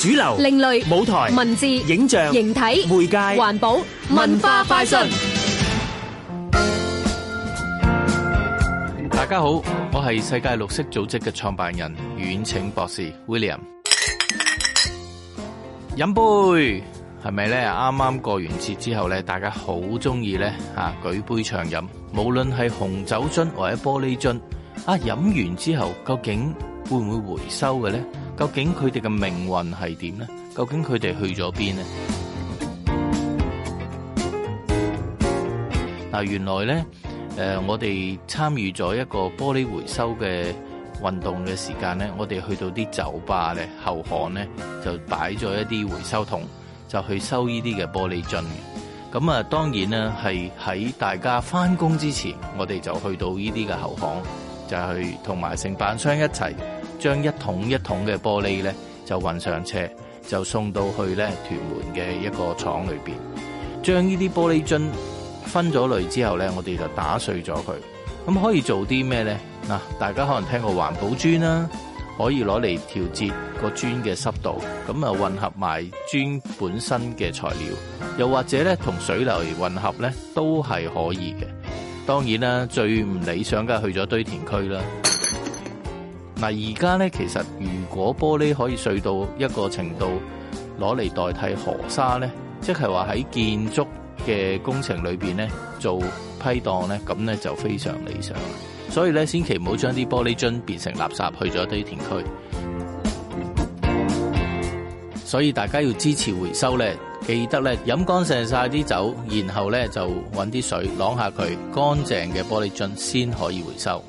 主流、另類舞台、文字、影像、形體、媒介、環保、文化快訊。大家好，我係世界綠色組織嘅創辦人遠騁博士 William。飲杯係咪咧？啱啱過完節之後咧，大家好中意咧啊舉杯暢飲，無論係紅酒樽或者玻璃樽啊，飲完之後究竟會唔會回收嘅咧？究竟佢哋嘅命運係點呢？究竟佢哋去咗邊呢？嗱， 原來呢，誒，我哋參與咗一個玻璃回收嘅運動嘅時間呢，我哋去到啲酒吧呢後巷呢，就擺咗一啲回收桶，就去收呢啲嘅玻璃樽。咁啊，當然呢係喺大家翻工之前，我哋就去到呢啲嘅後巷，就去同埋承辦商一齊。將一桶一桶嘅玻璃咧，就運上車，就送到去咧屯門嘅一個廠裏邊，將呢啲玻璃樽分咗類之後咧，我哋就打碎咗佢。咁可以做啲咩咧？嗱，大家可能聽過環保磚啦，可以攞嚟調節個磚嘅濕度，咁啊混合埋磚本身嘅材料，又或者咧同水泥混合咧，都係可以嘅。當然啦，最唔理想嘅去咗堆填區啦。嗱，而家咧，其實如果玻璃可以碎到一個程度，攞嚟代替河沙呢，即係話喺建築嘅工程裏面做批檔呢，咁呢就非常理想。所以呢，千祈唔好將啲玻璃樽變成垃圾去咗堆填區。所以大家要支持回收呢，記得咧飲乾淨晒啲酒，然後呢就揾啲水啷下佢乾淨嘅玻璃樽先可以回收。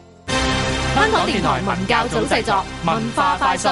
香港電台文教組製作《文化快訊》。